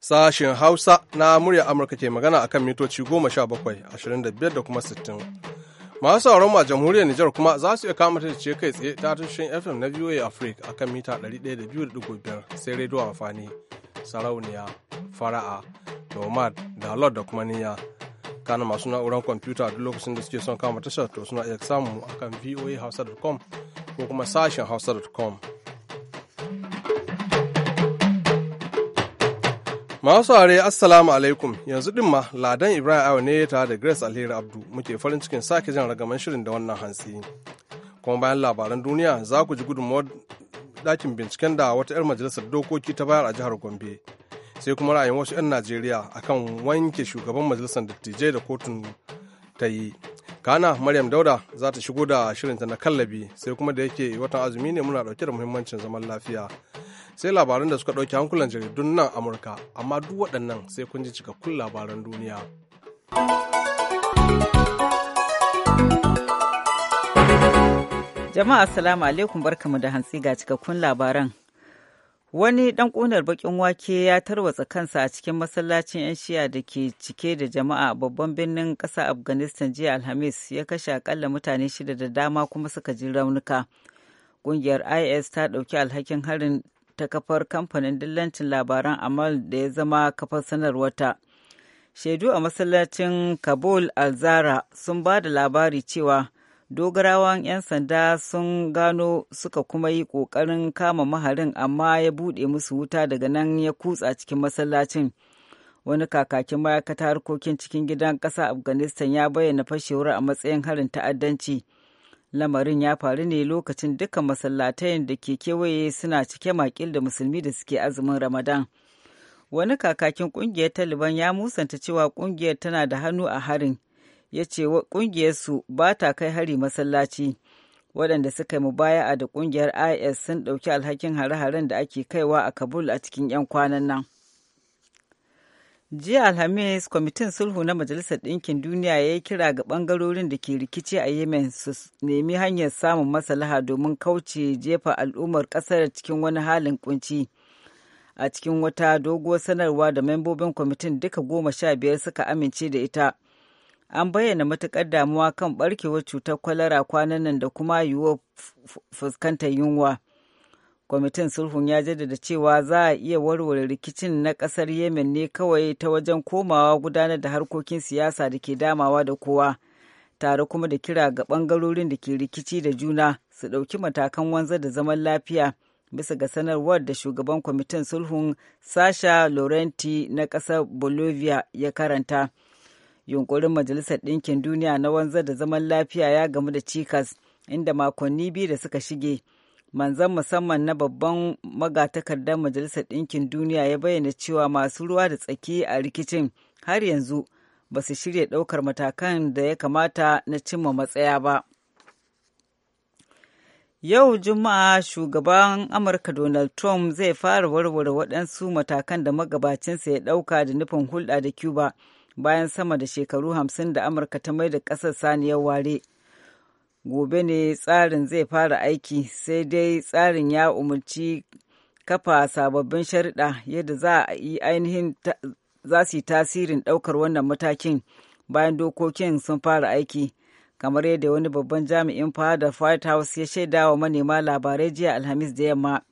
Sashen Hausa na murya Amurka ke magana akan mitoci goma sha bakwai, ashirin da biyar da kuma sittin. Masu sauran ma jamhuriyar Nijar kuma za su iya kama ta ce kai tsaye ta tushen FM na VOA Africa akan mita ɗari 102.5 sai rediyo amfani, sarauniya, fara'a, nomad, da da kuma niyya. kana masu na'urar kwamfuta a duk lokacin da suke son kama tashar to suna iya samun mu akan voahausa.com ko kuma sashen hausa.com Masu are assalamu alaikum yanzu din ma ladan Ibrahim awa ne tare da Grace Alheri Abdu muke farin cikin sake jan ragaman shirin da wannan hansi Kuma bayan labaran duniya za ku ji gudunmawar dakin binciken da wata 'yar majalisar dokoki ta bayar a jihar Gombe sai kuma ra'ayin wasu 'yan najeriya akan wanke shugaban majalisar dattijai da kotun ta yi kana maryam dauda za ta shigo da shirinta na kallabi sai kuma da yake watan azumi ne muna dauke da muhimmancin zaman lafiya sai labaran da suka dauki hankulan jaridun nan amurka amma duk waɗannan sai kun ji cikakkun labaran duniya jama'a assalamu alaikum barkamu da hantsi ga cikakkun labaran Wani ɗan ƙunar baƙin wake ya tarwatsa kansa a cikin masallacin 'yan shiya da ke cike da jama'a babban birnin ƙasa Afghanistan jiya Alhamis ya kashe akalla mutane shida da dama kuma suka ji raunuka. Ƙungiyar IS ta ɗauki alhakin harin ta kafar kamfanin dillancin labaran Amal da ya zama kafar sanarwarta. Shaidu a masallacin Kabul Alzara sun ba da labari cewa dogarawan 'yan sanda sun gano suka kuma yi ƙoƙarin kama maharin amma ya buɗe musu wuta daga nan ya kutsa cikin masallacin wani kakakin ma'aikata harkokin cikin gidan ƙasa afghanistan ya bayyana fashewar a matsayin harin ta'addanci lamarin ya faru ne lokacin dukkan masallatai da ke kewaye suna cike makil da musulmi da suke azumin ramadan wani kakakin ƙungiyar taliban ya musanta cewa ƙungiyar tana da hannu a harin ya ce ƙungiyarsu ba ta kai hari masallaci waɗanda suka yi a da ƙungiyar is sun ɗauki alhakin hare-haren da ake kaiwa a kabul a cikin 'yan kwanan nan jiya alhamis kwamitin sulhu na majalisar ɗinkin duniya ya yi kira ga ɓangarorin da ke rikici a yemen su nemi hanyar samun masalaha domin kauce jefa al'ummar ƙasar cikin wani halin kunci a cikin wata doguwar sanarwa da membobin kwamitin duka goma sha biyar suka amince da ita an bayyana matuƙar damuwa kan ɓarkewar cutar kwalara kwanan nan da kuma yiwuwar fuskantar yunwa. Kwamitin sulhun ya jaddada cewa za a iya warware rikicin na ƙasar Yemen ne kawai ta wajen komawa gudanar da harkokin siyasa da ke damawa da kowa, tare kuma da kira ga ɓangarorin da ke rikici da juna su ɗauki matakan wanzar da zaman lafiya bisa ga sanarwar da shugaban kwamitin sulhun Sasha Laurenti na ƙasar Bolivia ya karanta. yunkurin majalisar ɗinkin duniya na wanzar da zaman lafiya ya gamu da cikas inda makonni biyu da suka shige manzan musamman na babban magatakardar majalisar ɗinkin duniya ya bayyana cewa masu ruwa da tsaki a rikicin har yanzu ba su shirya ɗaukar matakan da ya kamata na cimma matsaya ba yau juma'a shugaban amurka donald trump zai fara warware waɗansu matakan da magabacinsa ya ɗauka da nufin hulɗa da cuba bayan sama da shekaru hamsin da amurka ta mai da ƙasar saniyar ware gobe ne tsarin zai fara aiki sai dai tsarin ya umarci kafa sababbin shariɗa yadda za a yi ainihin za su yi tasirin ɗaukar wannan matakin bayan dokokin sun fara aiki kamar yadda wani babban jami'in fada white house ya shaidawa manema labarai jiya alhamis da yamma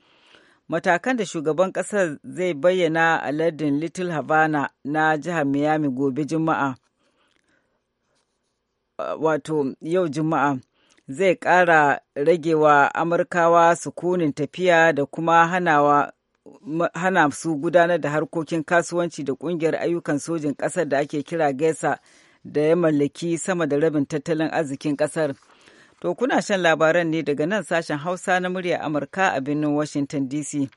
matakan da shugaban ƙasar zai bayyana a lardin little havana na jihar miami gobe juma'a uh, wato yau juma'a zai ƙara ragewa amurkawa sukunin tafiya da kuma hanawa hana su gudanar da harkokin kasuwanci da kungiyar ayyukan sojin ƙasar da ake kira gesa da ya mallaki sama da rabin tattalin arzikin ƙasar. To kuna shan labaran ne daga nan sashen Hausa na murya Amurka a birnin Washington DC.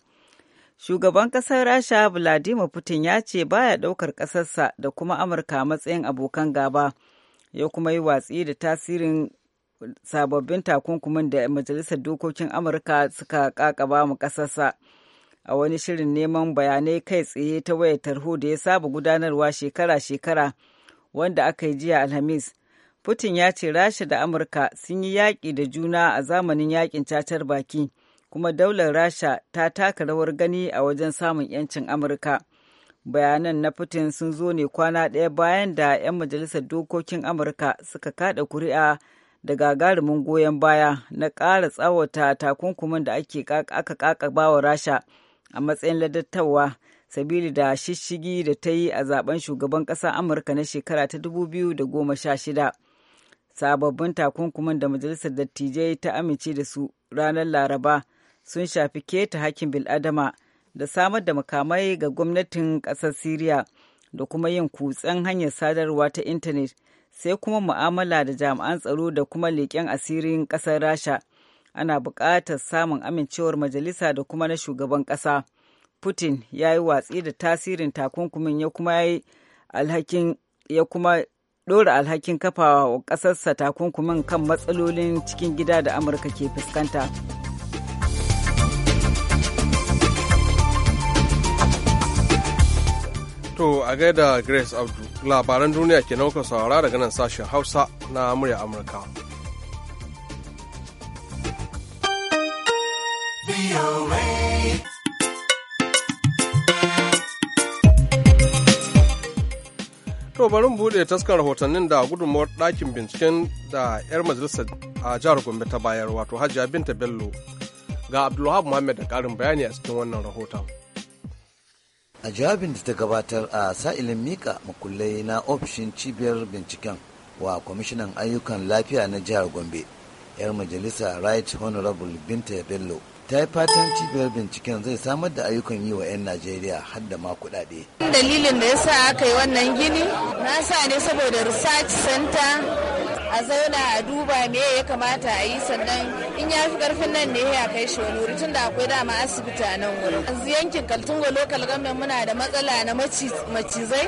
Shugaban ƙasar Rasha Vladimir Putin ya ce baya ɗaukar ƙasarsa da kuma Amurka matsayin abokan gaba, ya kuma yi watsi da tasirin sababbin takunkumin da Majalisar Dokokin Amurka suka ƙaƙaba mu ƙasarsa. A wani shirin neman bayanai kai tsaye ta wayar tarho da ya saba gudanarwa shekara-shekara, wanda aka yi jiya Alhamis. Putin ya ce Rasha da Amurka sun yi yaƙi da juna a zamanin yaƙin cacar baki, kuma daular Rasha ta taka rawar gani a wajen samun 'yancin Amurka. Bayanan na Putin sun zo ne kwana ɗaya bayan da 'yan majalisar dokokin Amurka suka kaɗa kuri'a da gagarumin goyon baya na ƙara tsawata takunkumin da aka wa Rasha a matsayin ladattawa. sabili da shishigi da ta yi a zaben shugaban ƙasar amurka na shekara ta 2016 sababbin takunkumin da majalisar dattijai ta amince da su ranar laraba sun shafi keta hakkin biladama da samar da makamai ga gwamnatin ƙasar syria da kuma yin kutsen hanyar sadarwa ta intanet sai kuma mu'amala da jami'an tsaro da kuma leƙen asirin ƙasar rasha ana buƙatar samun amincewar majalisa da kuma na shugaban ƙasa putin ya yi watsi da tasirin takunkumin ya kuma ya kuma ɗora alhakin kafawa wa ƙasarsa takunkumin kan matsalolin cikin gida da amurka ke fuskanta to a gaida grace abdu labaran duniya ke nauka saurara daga nan sashen hausa na murya amurka To bari buɗe taskar rahotannin da gudunmawar ɗakin binciken da 'yar majalisar a jihar Gombe ta bayar wato Hajiya Binta Bello ga Abdulwahab Muhammad da ƙarin bayani a cikin wannan rahoton. A jawabin da ta gabatar a sa'ilin mika makullai na ofishin cibiyar binciken wa kwamishinan ayyukan lafiya na jihar Gombe, 'yar majalisa Right Honorable Binta Bello ta yi fatan cibiyar binciken zai samar da ayyukan yi wa 'yan najeriya har da ma kuɗaɗe dalilin da ya sa aka yi wannan gini na sa ne saboda research center a zauna a duba me ya kamata a yi sannan in ya fi karfin nan ne ya kai shi wani tun tunda akwai dama asibiti a nan wuri yanzu yankin kaltungo lokal government muna da matsala na macizai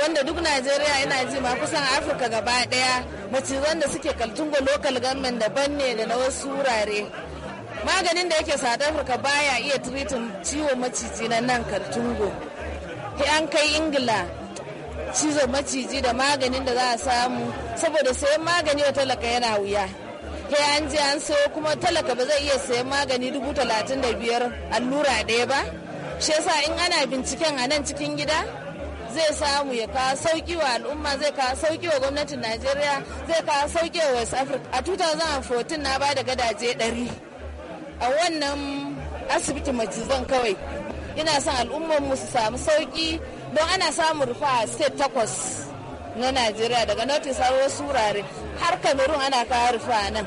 wanda duk najeriya yana ji ma kusan afirka gaba daya macizan da suke kaltungo lokal government daban ne da na wasu wurare maganin da yake South Africa baya iya tiritin ciwo maciji na nan Kaltungo. an kai Ingila cizon maciji da maganin da za a samu saboda sayan magani wa talaka yana wuya. Sai an je an sayo kuma talaka ba zai iya sayan magani dubu talatin da biyar allura ɗaya ba. Shi yasa in ana binciken a nan cikin gida zai samu ya kawo sauki wa al'umma zai kawo sauki wa gwamnatin najeriya zai kawo sauki wa west africa a 2014 na ba da gadaje 100 a wannan asibitin macizan kawai ina son mu su samu sauki don ana samun rufa a state takwas na najeriya daga notin har surare wurare har cameroon ana kawo rufa nan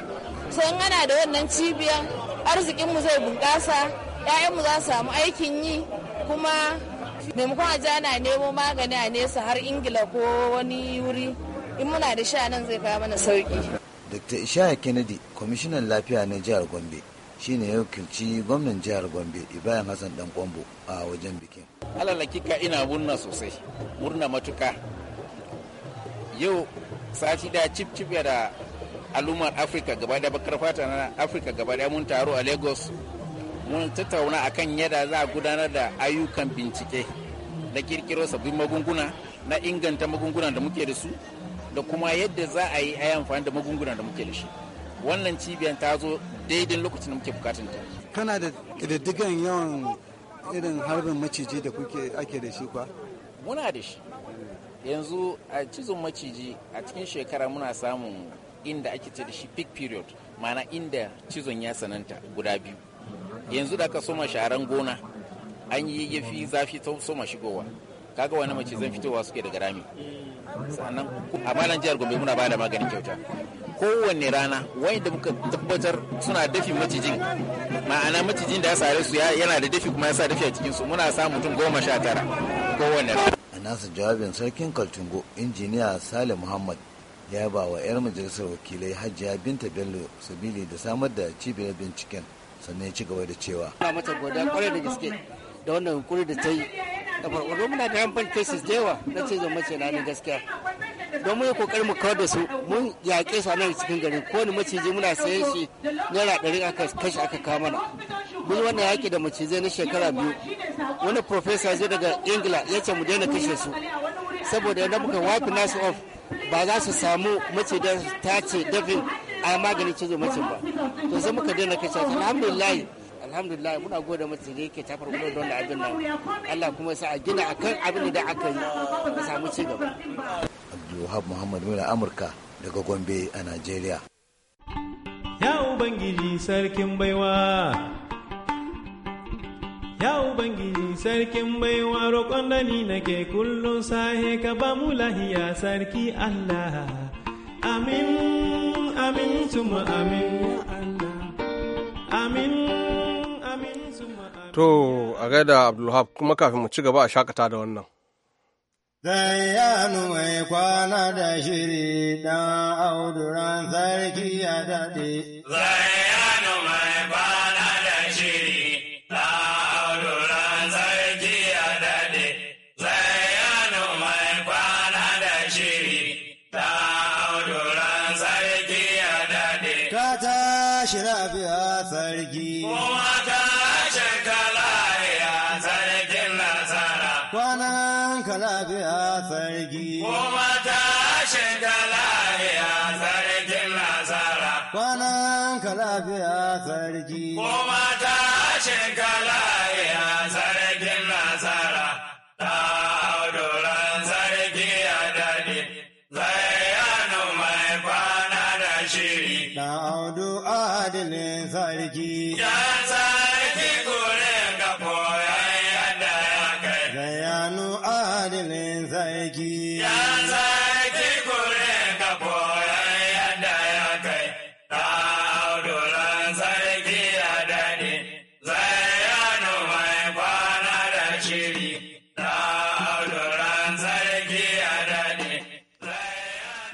so in ana da wannan cibiyan arzikinmu zai bunƙasa 'ya'yanmu za su samu aikin yi kuma maimakon a ja ana nemo magani a nesa har ingila ko wani wuri in muna da sha nan zai kawo mana sauki dr ishaya kennedy kwamishinan lafiya na jihar gombe shine ya wakilci gwamnan jihar gombe ibrahim hassan dan kwambo a wajen bikin alalakika ina murna sosai murna matuka yau sati da cip cip da al'ummar afirka gaba da bakar fata na afirka gaba da mun taro a lagos mun tattauna a kan yadda za a gudanar da ayyukan bincike na kirkiro sabbin magunguna na inganta magungunan da muke da su da kuma yadda za a yi amfani da magungunan da muke da shi wannan cibiyar ta zo daidai lokacin da muke bukatun ta kana da ƙididdigan yawan irin harbin maciji da kuke ake da shi kwa muna da shi yanzu a cizon maciji a cikin shekara muna samun inda ake ce da shi peak period mana inda cizon ya sananta guda biyu yanzu da aka soma sharan gona an yi yafi zafi ta soma shigowa kaga wani mace fitowa suke daga rami sannan a malan jihar gombe muna ba da maganin kyauta kowanne rana wanda muka tabbatar suna dafi macijin ma'ana macijin da ya sare su yana da dafi kuma ya sa dafi a cikinsu muna sa mutum goma sha tara kowanne rana. a nasa jawabin sarkin kaltungo injiniya sale muhammad ya ba wa 'yar majalisar wakilai hajiya binta bello sabili da samar da cibiyar binciken sannan ya ci gaba da cewa. Ana mata godiya kwarai da gaske da wannan hukuri da ta yi. Da farko muna da ban cases da yawa na ce zama ce na gaskiya. don mu yi kokarin mu kawar da su mun yaƙe su a nan cikin garin ko ni maciji muna sayan shi naira ɗari aka kashe aka kawo mana mun yi wannan yaƙi da macizai na shekara biyu wani profesa zai daga ingila ya ce mu daina kashe su saboda yadda muka wafi nasu off ba za su samu ta ce dafin a maganin cizo macin ba to sai muka daina kashe su alhamdulillah alhamdulillah muna gode da da yake tafar kuma don abin nan Allah kuma sa a gina akan abin da aka yi a samu ci gaba abdulwahab muhammad muna amurka daga gombe a Najeriya. ya ubangiji sarkin baiwa ya ubangiji sarkin baiwa roƙon da ni nake kullum sahe ka ba mu lahiya sarki allah amin amin tuma amin amin amin tuma amin to a gaida abdulhab kuma kafin mu ci gaba a shakata da wannan Sai yanu mai kwana da shiri ɗan auduran sarki ya daɗe. kwanan ka lafiya sarki. Ko mata ce ka lafiya sarki.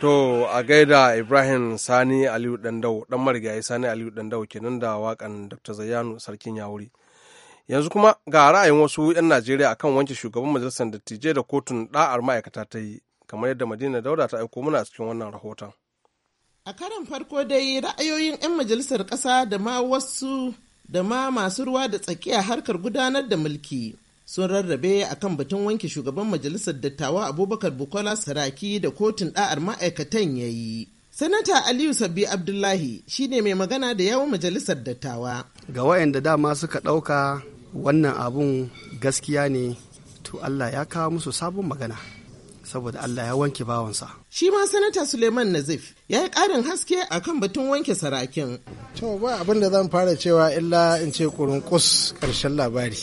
To a gaida Ibrahim Sani Aliyu Dandau, ɗan marigayi Sani Aliyu Dandau kenan da wakan Dr. Zayanu Sarkin Yawuri. Yanzu kuma ga ra'ayin wasu 'yan Najeriya akan wanke shugaban majalisar dattijai da kotun 'da'ar ma'aikata ta yi, kamar yadda Madina Dauda ta aiko muna cikin wannan rahoton. A karan farko dai ra'ayoyin 'yan majalisar ƙasa da ma wasu da ma masu ruwa da tsakiya harkar gudanar da mulki sun rarrabe a kan batun wanke shugaban majalisar dattawa abubakar bukola saraki da kotun da'ar ma'aikatan ya yi sanata aliyu sabbi abdullahi shine mai magana da yawon majalisar dattawa ga wayanda dama suka ɗauka wannan abun gaskiya ne to allah ya kawo musu sabon magana saboda Allah ya wanke bawansa. Shi ma Sanata Suleiman Nazif ya yi ƙarin haske a kan batun wanke sarakin. To ba abin da zan fara cewa illa in ce kurunkus ƙarshen labari.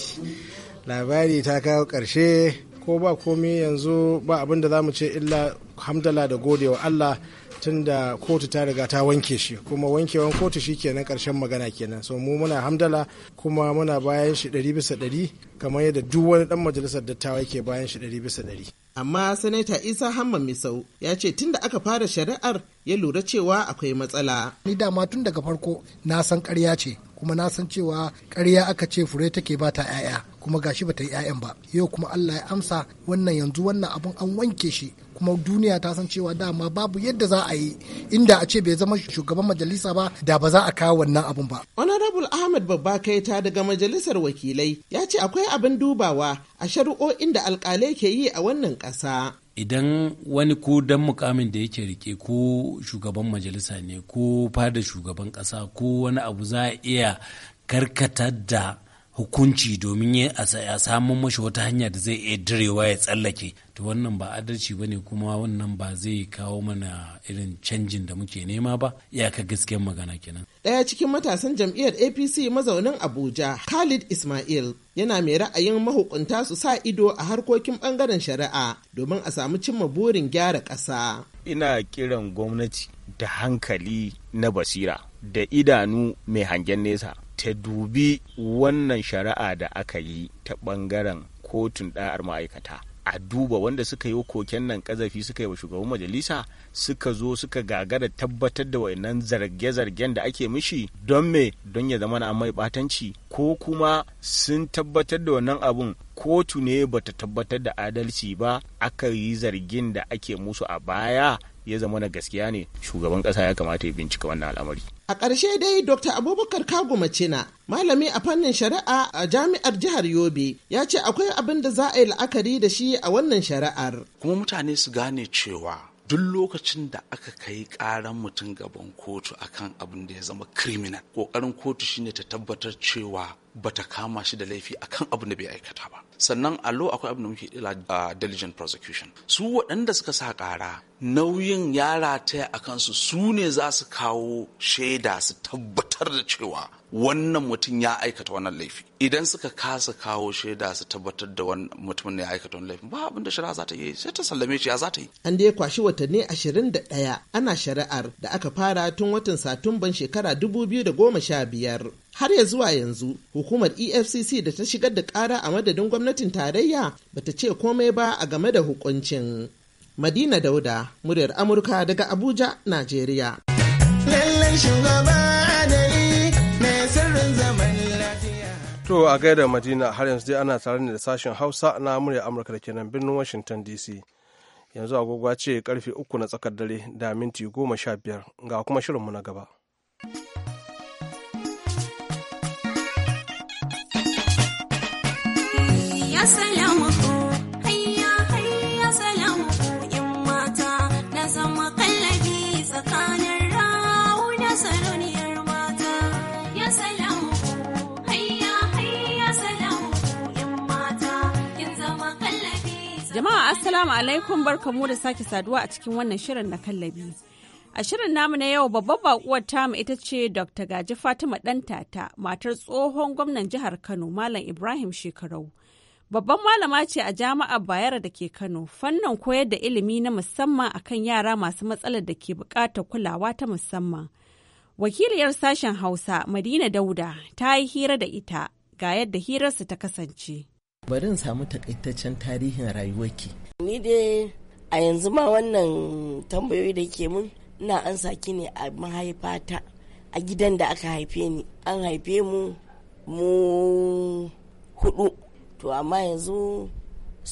labari ta kawo ƙarshe ko ba komi yanzu ba abin da za mu ce illa hamdala da gode wa Allah tun da kotu ta riga ta wanke shi kuma wankewan kotu shi kenan ƙarshen magana kenan so mu muna hamdala kuma muna bayan shi ɗari bisa ɗari kamar yadda duk wani ɗan majalisar dattawa yake bayan shi ɗari bisa ɗari. amma sanata isa hamman misau ya ce tun da aka fara shari'ar ya lura cewa akwai matsala ni dama tun daga farko na san karya ce kuma na san cewa karya aka ce fure take ba ta 'ya'ya kuma gashi ba ta yi 'ya'yan ba yau kuma allah ya amsa wannan yanzu wannan abun an wanke shi kuma duniya ta san cewa dama babu yadda za a yi inda a ce bai zama shugaban majalisa ba da ba za a kawo wannan abun ba. Honorable ahmed Babba Kaita daga majalisar wakilai ya ce akwai abin dubawa a shari'o'in da alkalai ke yi a wannan ƙasa. idan wani ko dan mukamin da yake rike ko shugaban majalisa ne ko fada shugaban ƙasa ko wani abu za a iya karkatar da hukunci domin ya samun mashi wata hanya da zai iya direwa ya tsallake to wannan ba adalci ba ne kuma wannan ba zai kawo mana irin canjin da muke nema ba ya ka gaskiyar magana kenan daya cikin matasan jam'iyyar apc mazaunin abuja khalid ismail yana mai ra'ayin mahukunta su sa ido a harkokin bangaren shari'a domin a samu cimma burin gyara ƙasa ina kiran gwamnati da hankali na basira da idanu mai hangen nesa ta dubi wannan shari'a da aka yi ta ɓangaren kotun ɗa'ar ma'aikata a duba wanda suka yi koken nan kazafi suka yi wa shugaban majalisa suka zo suka gagara tabbatar da wayannan zarge-zargen da ake mishi don me don ya zama na mai batanci ko kuma sun tabbatar da wannan abun kotu ne bata tabbatar da adalci ba aka yi zargin da ake musu a baya ya zama na gaskiya ne shugaban ƙasa ya kamata ya bincika wannan al'amari A ƙarshe dai Dr. Abubakar Kaguma Cina, malami a fannin shari'a a jami'ar jihar Yobe, ya ce akwai abin da za a yi la'akari da shi a wannan shari'ar. Kuma mutane su gane cewa duk lokacin da aka kai karan mutum gaban kotu akan abin da ya zama criminal ƙoƙarin kotu shine ta tabbatar cewa bata kama shi da laifi akan abin da bai aikata ba sannan a law akwai abin da muke kira diligent prosecution su waɗanda suka sa ƙara nauyin ya rataya a kansu su ne za su kawo shaida su tabbatar da cewa wannan mutum ya aikata wannan laifi idan suka kasa kawo shaida su tabbatar da wannan mutumin ya aikata wannan laifi ba abin da shari'a za ta yi sai ta sallame shi ya za ta yi an da ya kwashi watanni ashirin da ɗaya ana shari'ar da aka fara tun watan satumban shekara dubu biyu da goma sha biyar. har ya zuwa yanzu hukumar efcc da ta shigar da kara a madadin gwamnatin tarayya ba ta ce komai ba a game da hukuncin madina dauda muryar amurka daga abuja najeriya To a gaida Madina har yanzu dai ana tare ne da sashen Hausa na murya Amurka da kenan birnin Washington DC. Yanzu agogwa ce karfe uku na tsakar dare da minti goma sha biyar ga kuma shirinmu na gaba. Jama'a Assalamu alaikum barkamu da sake saduwa a cikin wannan shirin na kallabi. A shirin namu na yau babbar bakuwar tamu ita ce Dr. Gaji Fatima Dantata, matar tsohon gwamnan jihar Kano Malam Ibrahim Shekarau. Babban malama ce a jami'ar Bayero da ke Kano, fannin koyar da ilimi na musamman akan yara masu matsalar da ke bukatar kulawa ta musamman. Wakiliyar sashen Hausa Madina Dauda ta yi hira da ita ga yadda hirarsu ta kasance. Bari in samu takaitaccen tarihin rayuwarki. Ni dai a yanzu ma wannan tambayoyi da ke mun ina an saki ne a mahaifata a gidan da aka haife ni. An haife mu mu hudu to amma yanzu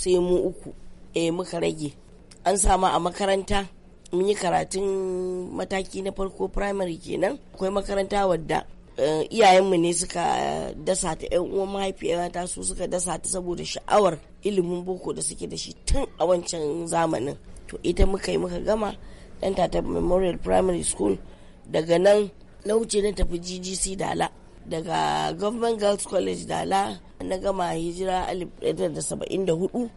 sai mu uku eh muka rage. An samu a makaranta mun yi karatun mataki na farko primary kenan akwai makaranta wadda Eh, iyayenmu ne suka dasa ta yan uwan mahaifiyata su suka dasa ta saboda sha'awar ilimin boko da suke da shi tun a wancan zamanin to ita muka yi muka gama dan ta memorial primary school daga nan na wuce na tafi ggc dala daga government girls college dala na gama hijira 1974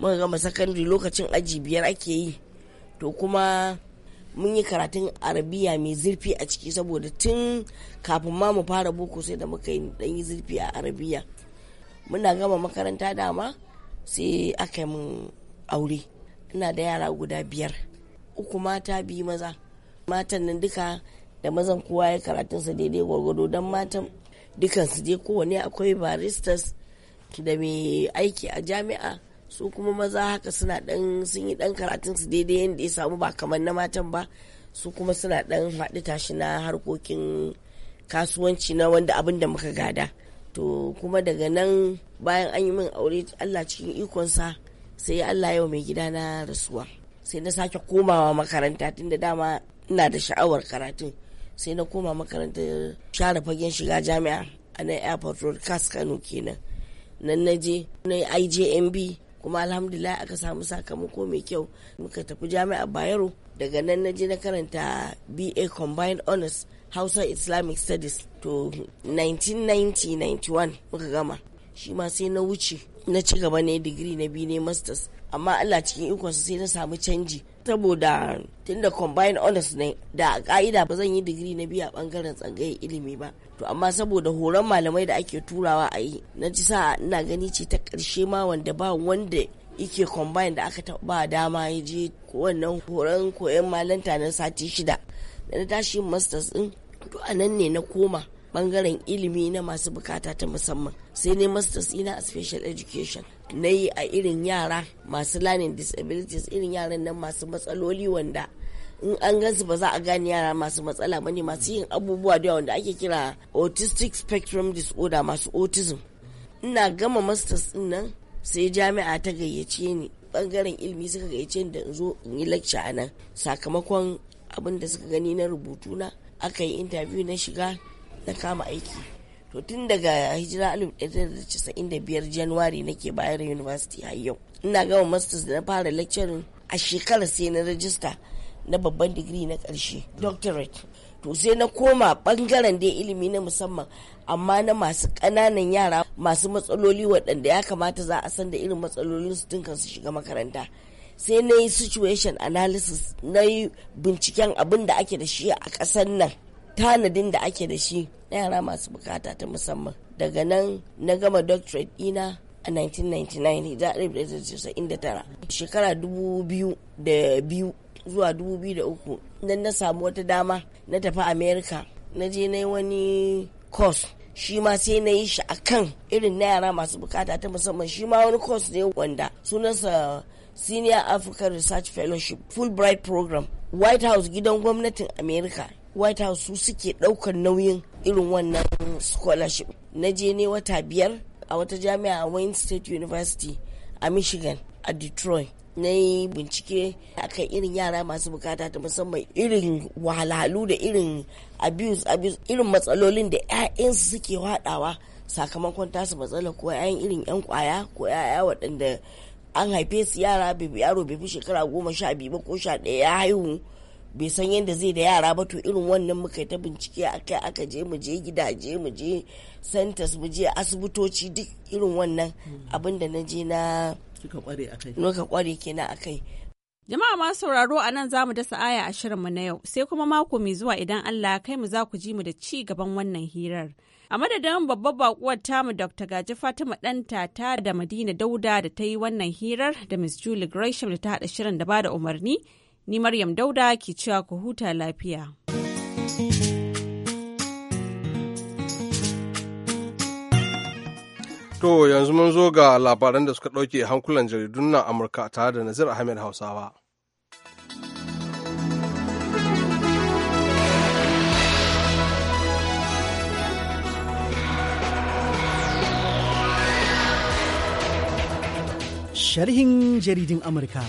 muka gama secondary lokacin aji biyar ake yi to kuma mun yi karatun arabiya mai zurfi a ciki saboda tun kafin ma mu fara boko sai da muka yi dan yi zurfi a arabiya muna gama makaranta dama sai aka yi mun aure ina da yara guda biyar uku mata bi maza matan nan duka da mazan kowa ya karatun sa daidai gwargwado don matan dukansu dai kowane akwai baristas da mai aiki a jami'a su kuma maza haka suna dan sun yi dan karatun su daidai yadda ya samu ba kamar na matan ba su kuma suna dan faɗi tashi na harkokin kasuwanci na wanda abin da muka gada to kuma daga nan bayan an yi min aure Allah cikin ikonsa sai Allah yau mai gida na rasuwa sai na sake komawa makaranta tunda dama ina da sha'awar karatu sai na koma makarantar share fagen shiga jami'a a nan airport road kas kano kenan nan na je na ijmb kuma alhamdulillah aka samu sakamako mai kyau muka tafi jami'a bayero daga nan na je na karanta ba combined honors hausa islamic studies to 1990-91 muka gama shi ma sai na wuce na ci gaba ne digiri na biyu ne masters amma allah cikin ikonsa sai na samu canji saboda tunda combined honors ne da ƙa'ida ka'ida ba zan yi digiri na biyu a bangaren tsangayin ilimi ba to amma saboda horon malamai da ake turawa a yi na ci sa ina gani ce ta ƙarshe ma wanda ba wanda yake combine da aka ba dama ya je wannan horon koyon malanta na sati shida da na tashi masters din to a nan ne na koma bangaren ilimi na masu bukata ta musamman sai ne masters ina a special education na yi a irin yara masu learning disabilities irin yaran nan masu matsaloli wanda in an gansu ba za a gane yara masu matsala ba ne masu yin abubuwa da wanda ake kira autistic spectrum disorder masu autism ina gama masters din nan sai jami'a ta gayyace ni bangaren ilimi suka gayyace ni da in zo in yi lecture a nan sakamakon abin da suka gani na rubutu na aka yi interview na shiga na kama aiki to tun daga hijira 1995 january nake bayar university har yau ina gama masters da na fara lecturing a shekarar sai na rajista na babban digiri na ƙarshe doctorate to sai na koma bangaren da ilimi na musamman amma na masu ƙananan yara masu matsaloli waɗanda ya kamata za a san da irin matsalolin su tun su shiga makaranta sai na yi situation analysis na yi binciken abin da ake da shi a ƙasar nan tanadin da ake da shi na yara masu bukata ta musamman daga nan na gama doctorate ɗina a 1999 shekara 2002 zuwa 2003 nan na samu wata dama na tafi amerika na je na yi wani course shi ma sai na yi shi akan irin na yara masu bukata ta musamman shi ma wani course ne wanda sunansa senior african research fellowship fulbright program white house gidan gwamnatin amerika white house su suke daukar nauyin irin wannan scholarship na je ne wata biyar a wata jami'a a wayne state university a michigan a detroit na yi bincike akan irin yara masu bukata ta musamman irin wahalhalu da irin abuse abuse irin matsalolin da 'ya'yansu suke haɗawa sakamakon tasu matsala ko 'ya'yan irin 'yan kwaya ko 'ya'ya waɗanda an haife su yara yaro bai fi shekara goma sha biyu ba ko sha ɗaya ya haihu bai san yadda zai da yara ba to irin wannan muka ta bincike akai aka je mu je gidaje mu je santas mu je asibitoci duk irin wannan hmm. abin da na je na kika kware kai. muka kware kenan kai. Jama'a ma sauraro a nan za mu dasa aya a shirinmu na yau sai kuma mako mai zuwa idan Allah kai mu za ku ji mu da ci gaban wannan hirar. A madadin babbar bakuwar tamu Dr. Gaji Fatima ɗanta ta da Madina Dauda da ta yi wannan hirar da Miss Julie Gresham da ta haɗa shirin da ba da umarni, ni Maryam Dauda ke cewa ku huta lafiya. To yanzu mun zo ga labaran da suka ɗauke hankulan jaridun nan Amurka tare da Nazir Ahmed Hausawa. Sharhin jaridin Amurka.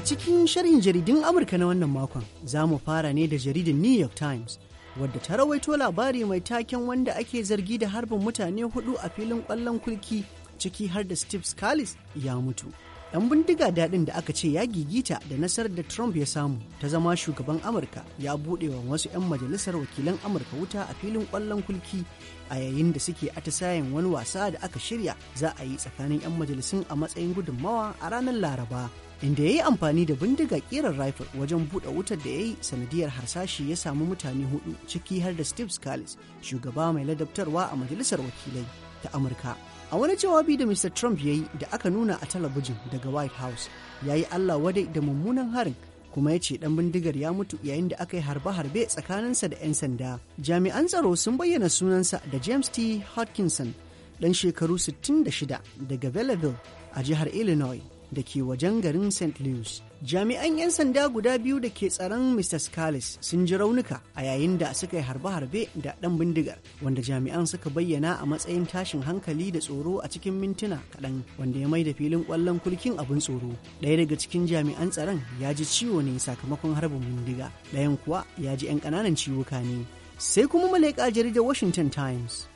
A cikin sharhin jaridun Amurka na wannan makon, za mu fara ne da jaridin New York Times, wadda ta rawaito labari mai taken wanda ake zargi da harbin mutane hudu a filin kwallon kulki ciki har da Steve Scalise ya mutu. yan bindiga daɗin da aka ce ya gigita da nasarar da trump ya samu ta zama shugaban amurka ya buɗe wa wasu 'yan majalisar wakilan amurka wuta a filin ƙwallon kulki a yayin da suke atisayen wani wasa da aka shirya za a yi tsakanin 'yan majalisun a matsayin gudunmawa a ranar laraba inda ya yi amfani da bindiga ƙirar rifle wajen buɗe wutar da ya yi sanadiyar harsashi ya samu mutane hudu ciki har da steve scalise shugaba mai ladabtarwa a majalisar wakilai ta amurka a wani jawabi da mr trump ya yi da aka nuna a talabijin daga white house ya yi allah wadai da mummunan harin kuma ya ce dan bindigar ya mutu yayin da aka yi harbe-harbe tsakaninsa da 'yan sanda jami'an tsaro sun bayyana sunansa da james t hodkinson dan shekaru 66 daga belleville a jihar illinois da ke wajen garin St. Louis. Jami'an 'yan sanda guda biyu da ke tsaron Mr. Scales sun ji raunuka a yayin da suka yi harbe-harbe da ɗan bindigar, wanda jami'an suka bayyana a matsayin tashin hankali da tsoro a cikin mintuna kaɗan, wanda ya mai da filin ƙwallon kulkin abin tsoro. Ɗaya daga cikin jami'an tsaron ya ji ciwo ne sakamakon harbin bindiga, ɗayan kuwa ya ji 'yan ƙananan ciwuka ne. Sai kuma malaika jaridar Washington Times.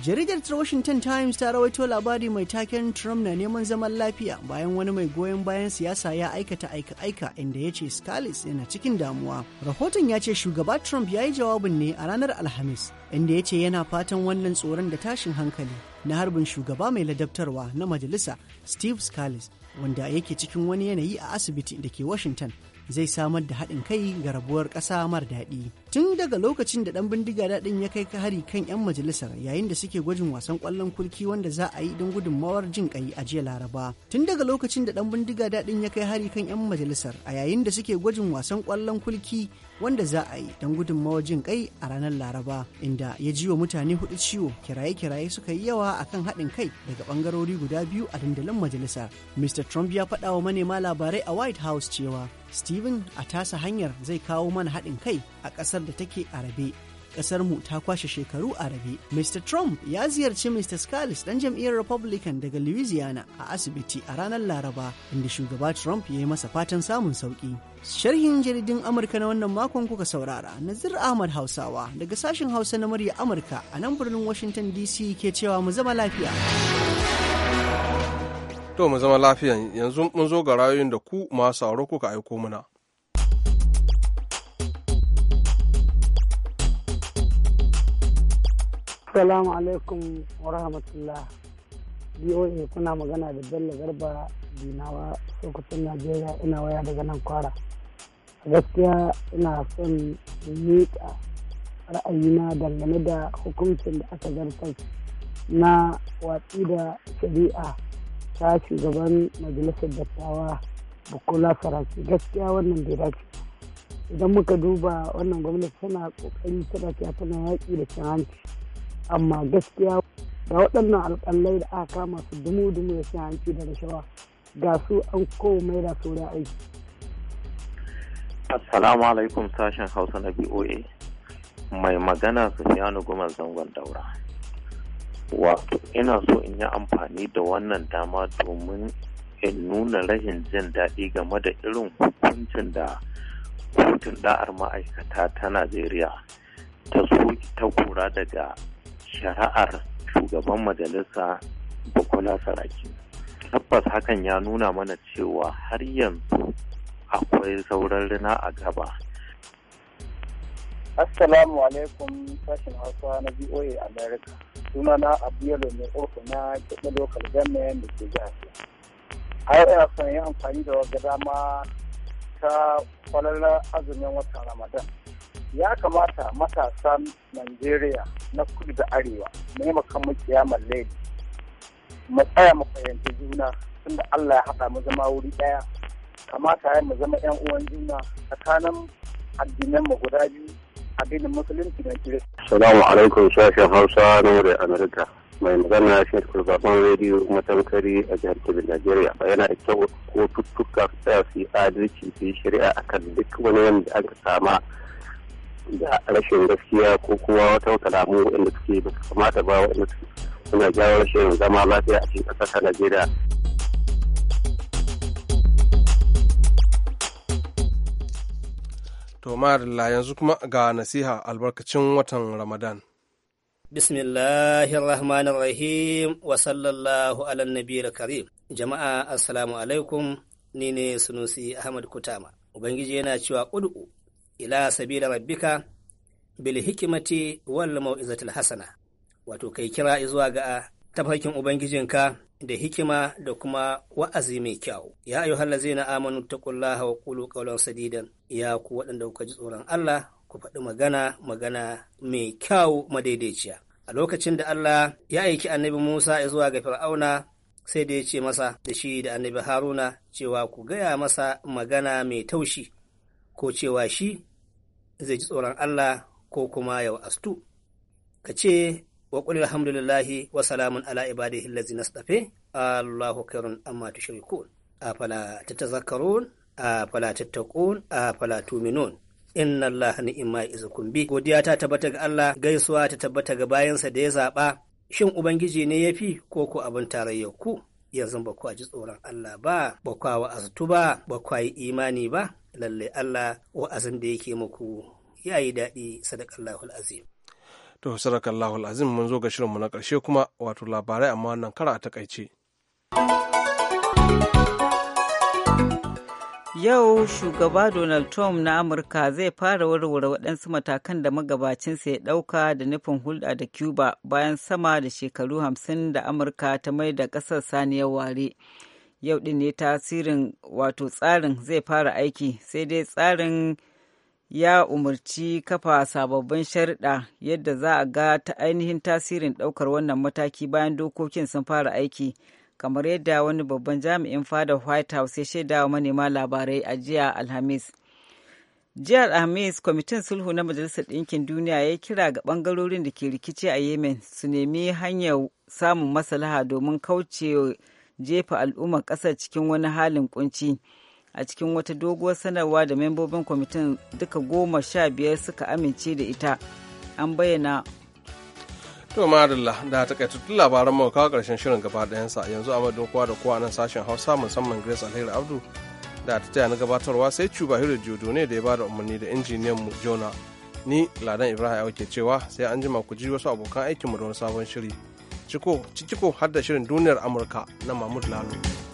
jaridar ta washington times ta rawaito labari mai taken trump na neman zaman lafiya bayan wani mai goyon bayan siyasa ya aikata aika-aika inda ya ce scalise yana cikin damuwa rahoton ya ce shugaba trump ya yi jawabin ne a ranar alhamis inda ya ce yana fatan wannan tsoron da tashin hankali na harbin shugaba mai ladabtarwa na majalisa steve scalise wanda yake cikin wani yanayi a asibiti da ke washington zai samar da haɗin kai ga rabuwar ƙasa mar daɗi tun daga lokacin da dan bindiga daɗin ya kai hari kan 'yan majalisar yayin da suke gwajin wasan kwallon kulki wanda za a yi don mawar jin kai a jiya laraba tun daga lokacin da dan bindiga daɗin ya kai hari kan 'yan majalisar a yayin da suke gwajin wasan kwallon kulki wanda za a yi don mawar jin kai a ranar laraba inda ya ji wa mutane hudu ciwo kiraye-kiraye suka yi yawa akan haɗin kai daga ɓangarori guda biyu a dandalin majalisar mr trump ya faɗa wa manema labarai a white house cewa steven a tasa hanyar zai kawo mana haɗin kai a ƙasar kasar da take a rabe. mu ta kwashe shekaru a rabe. Mr. Trump ya ziyarci Mr. scales dan jam'iyyar Republican daga Louisiana a asibiti a ranar Laraba, inda shugaba Trump ya yi masa fatan samun sauƙi. Sharhin jaridin Amurka na wannan makon kuka saurara, Nazir Ahmad Hausawa daga sashen Hausa na murya Amurka a nan birnin Washington DC ke cewa mu zama lafiya. To mu zama lafiya yanzu mun zo ga rayoyin da ku masu sauro kuka aiko mana. Assalamu alaikum wa rahmatullah. BOA kuna magana da Bello Garba Dinawa Sokoton Najeriya ina waya daga nan kwara. A gaskiya ina son miƙa ra'ayina dangane da hukuncin da aka zartar na watsi da shari'a ta shugaban majalisar dattawa Bukola Faransi gaskiya wannan bai dace idan muka duba wannan gwamnati tana kokari tana tana yaƙi da cin hanci amma gaskiya da waɗannan alƙalai da aka kama su dumu-dumu da hanci da rashawa ga su an komai da su da aiki. Assalamu alaikum sashen Hausa na BOA mai magana Sufiyanu Gumar Zangon Daura. Wato ina so in yi amfani da wannan dama domin in nuna rashin jin daɗi game da irin hukuncin da kotun da'ar ma'aikata ta Najeriya ta soki ta kura daga shari'ar shugaban majalisa bukola saraki tabbas hakan ya nuna mana cewa har yanzu akwai sauran rina a gaba assalamu alaikum sashen hausa na voa america suna na abiyalo mai ofa na kiɗa lokal ganin da ke jihar a yau ina amfani da wata dama ta kwalala azumin watan ramadan ya kamata matasan Najeriya na kudu da arewa ne yi makamu kiyamar lady mu tsaya mu fahimci juna tunda Allah ya haɗa mu zama wuri ɗaya kamata ya mu zama yan uwan juna tsakanin addinan mu guda biyu addinin musulunci na kirista. Salamu alaikum sashen Hausa na wuri Amerika. mai magana shi kurbaban rediyo matankari a jihar kebbi najeriya yana da kyau ko tuttuka su tsaya adalci su shari'a akan duk wani wanda aka sama da rashin gaskiya ko kuma wata kalamu wanda suke ba su kamata ba wanda suna jawo rashin zama lafiya a cikin ƙasar Najeriya. To ma'adalla yanzu kuma ga nasiha albarkacin watan Ramadan. Bismillahirrahmanirrahim wa sallallahu ala nabiyar karim. Jama'a assalamu alaikum ni ne Sunusi Ahmad Kutama. Ubangiji yana cewa ƙudu ila sabila rabbika bil hikimati wal mau'izatil hasana wato kai kira zuwa ga tafarkin ubangijinka da hikima da kuma wa'azi mai kyau ya ayu hallazina amanu taqullaha wa qulu qawlan sadida ya ku waɗanda kuka ji tsoron Allah ku faɗi magana magana mai kyau madaidaiciya a lokacin da Allah ya aiki annabi Musa zuwa ga Fir'auna sai da ya ce masa da shi da annabi Haruna cewa ku gaya masa magana mai taushi ko cewa shi zai ji tsoron Allah ko kuma ya astu ka ce wa ƙuli alhamdulillahi wa salamun ala ibadihi na istafa Allahu khairun amma tushrikun a tatazakkarun afala a afala tuminun inna Allah ni ni'ma izukum bi godiya ta tabbata ga Allah gaisuwa ta tabbata ga bayansa da ya zaɓa. shin ubangiji ne ya fi? ko ko abin tarayyar ku yanzu ba ku a ji tsoron Allah ba ba ku a wa'azutu ba ba ku yi imani ba Lallai Allah wa'azin da yake muku ya yi daɗi sadakallahu azim. To sadakallahu azim mun zo ga shirinmu na ƙarshe kuma wato labarai amma wannan kara a takaice. Yau shugaba Donald Trump na Amurka zai fara warware waɗansu matakan da magabacinsa ya ɗauka da nufin hulɗa da Cuba bayan sama da shekaru hamsin da Amurka ta mai da ƙasar saniyar ware. yau din ne tasirin wato tsarin zai fara aiki sai dai tsarin ya umarci kafa sababbin sharɗa yadda za a ga ta ainihin tasirin ɗaukar wannan mataki bayan dokokin sun fara aiki kamar yadda wani babban jami'in fada white house ya shaida wa manema labarai a jiya alhamis jihar alhamis kwamitin sulhu na majalisar ɗinkin duniya ya kira ga ɓangarorin da ke rikici a yemen su nemi hanyar samun maslaha domin kauce jefa al'ummar ƙasar cikin wani halin kunci a cikin wata doguwar sanarwa da membobin kwamitin duka goma sha biyar suka amince da ita an bayyana To madalla da takaitattun labaran mu kawo karshen shirin gaba ɗayansa yanzu a madon kowa da kowa nan sashen Hausa musamman Grace Alheri Abdu da ta taya na gabatarwa sai Cuba hiru Jodo ne da ya bada umarni da injiniyan mu Jona. Ni Ladan Ibrahim ya ke cewa sai an jima ku ji wasu abokan aikinmu da wani sabon shiri. ciko har da shirin duniyar amurka na mahmud lalo